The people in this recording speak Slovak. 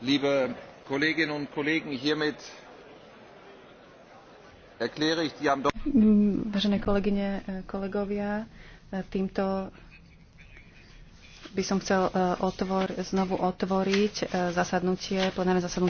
liebe kolleginnen und kollegen! hiermit erkläre ich die am. vážené kolegyne e, kolegovia e, týmto by som chcel e, otvor, znovu otvoriť zasadnutie plenárne zasadnutie